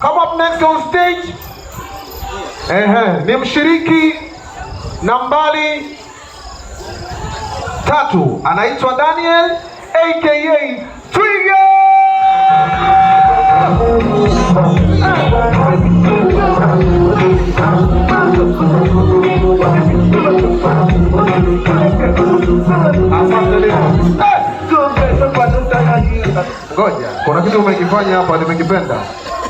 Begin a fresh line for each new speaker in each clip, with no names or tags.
Come up next on stage. Ehe, ni mshiriki nambari tatu anaitwa Daniel aka Twiga
Ngoja, kuna kitu umekifanya hapa nimekipenda.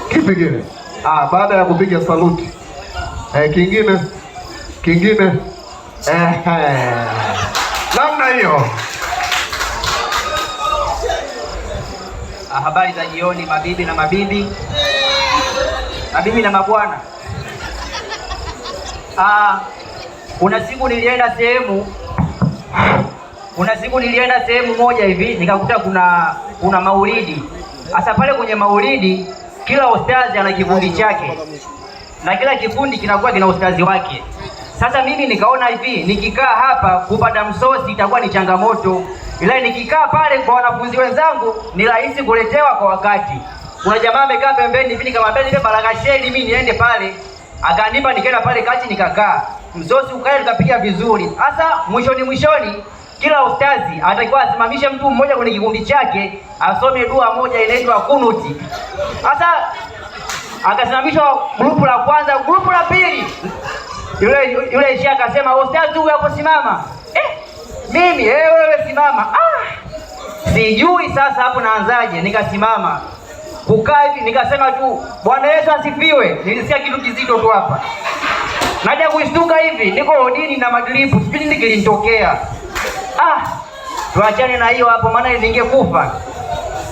Kipi kile? Ah, baada ya kupiga saluti. Eh, kingine kingine eh, Namna hiyo.
Ah, habari za jioni, mabibi na mabibi, mabibi na mabwana. Ah, kuna siku nilienda sehemu kuna siku nilienda sehemu moja hivi nikakuta kuna kuna maulidi. Hasa pale kwenye maulidi kila ustazi ana kikundi chake na kila kikundi kinakuwa kina ustazi wake. Sasa mimi nikaona hivi, nikikaa hapa kupata msosi itakuwa ni changamoto, ila nikikaa pale kwa wanafunzi wenzangu ni rahisi kuletewa kwa wakati. Kuna jamaa amekaa pembeni hivi, nikamwambia nipe barakasheli mimi niende pale, akanipa. Nikaenda pale kati nikakaa, msosi ukae, tukapiga vizuri. Sasa mwishoni mwishoni kila ustazi anatakiwa asimamishe mtu mmoja kwenye kikundi chake asome dua moja inaitwa kunuti. Sasa akasimamishwa grupu la kwanza, grupu la pili, yule yule shia akasema, ustazi huyu hapo simama. Eh, mimi eh, wewe simama. Ah, sijui sasa hapo naanzaje? Nikasimama kukaa hivi, nikasema tu Bwana Yesu asifiwe. Nilisikia kitu kizito tu hapa, naja kuistuka hivi, niko hodini na madripu, sijui nini kilinitokea ah, tuachane na hiyo hapo, maana ningekufa.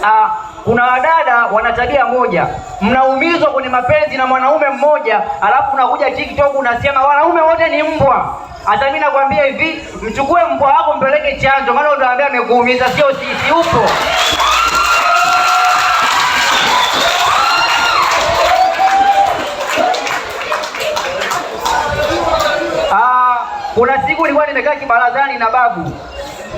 Ah, kuna wadada wana tabia moja, mnaumizwa kwenye mapenzi na mwanaume mmoja, alafu unakuja TikTok unasema wanaume wote ni mbwa. Hata mimi nakwambia hivi, mchukue mbwa wako mpeleke chanjo, maana unaambia amekuumiza, sio sisi, upo ah, nilikuwa nimekaa kibarazani na babu.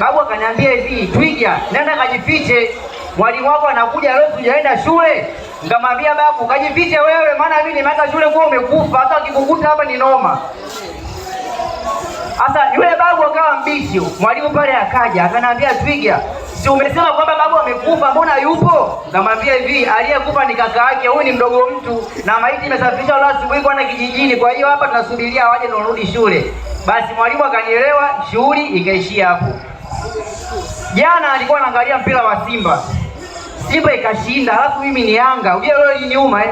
Babu akaniambia hivi, Twiga, nenda kajifiche, mwalimu wako anakuja leo, tujaenda shule. Nikamwambia babu, kajifiche wewe, maana mimi nimeanza shule kwa umekufa, hata ukikukuta hapa ni noma. Sasa yule babu akawa mbishi, mwalimu pale akaja akaniambia, Twiga, si umesema kwamba babu amekufa, mbona yupo? Nikamwambia hivi, aliyekufa ni kaka yake, huyu ni mdogo mtu, na maiti imesafirishwa leo asubuhi kwana kijijini. Kwa hiyo hapa tunasubiria waje na urudi shule. Basi mwalimu akanielewa, shughuli ikaishia hapo. Jana alikuwa anaangalia mpira wa Simba, Simba ikashinda, halafu mimi ni Yanga. Unajua leo nyuma eh,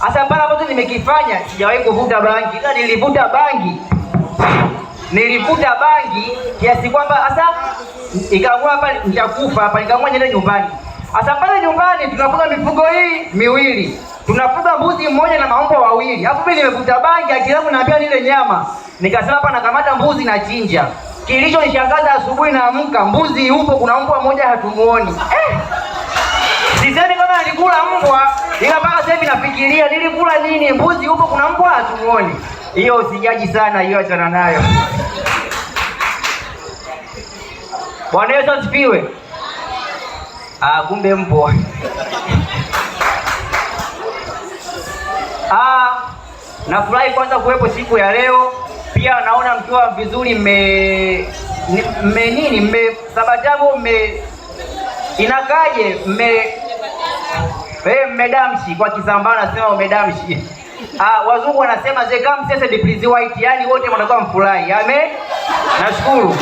hasa pale ambacho nimekifanya, sijawahi kuvuta bangi, ila nilivuta bangi, nilivuta bangi kiasi kwamba hasa ikaamua hapa nitakufa hapa, nikaamua niende nyumbani. Hasa pale nyumbani tunafunga mifugo hii miwili tunafuga mbuzi mmoja na maombo wawili, alafu mimi nimevuta bangi, akilamu naambia nile nyama, nikasema hapa nakamata mbuzi na chinja. nishangaza asubuhi naamka, mbuzi yupo, kuna mbwa mmoja hatumuoni eh. Sisemi kama nilikula mbwa, ila mpaka sasa hivi nafikiria nilikula nini. Mbuzi yupo, kuna mbwa hatumuoni. Hiyo usijaji sana hiyo, achana nayo. Bwana Yesu asifiwe. Ah, kumbe mbwa Nafurahi kwanza kuwepo siku ya leo, pia naona mkiwa vizuri mme mme nini mmesabatabu mme inakaje mme eh mmedamshi kwa Kisambaa nasema umedamshi. Ah, wazungu wanasema they come say the please white, yani wote mnakuwa mfurahi. Amen. Nashukuru.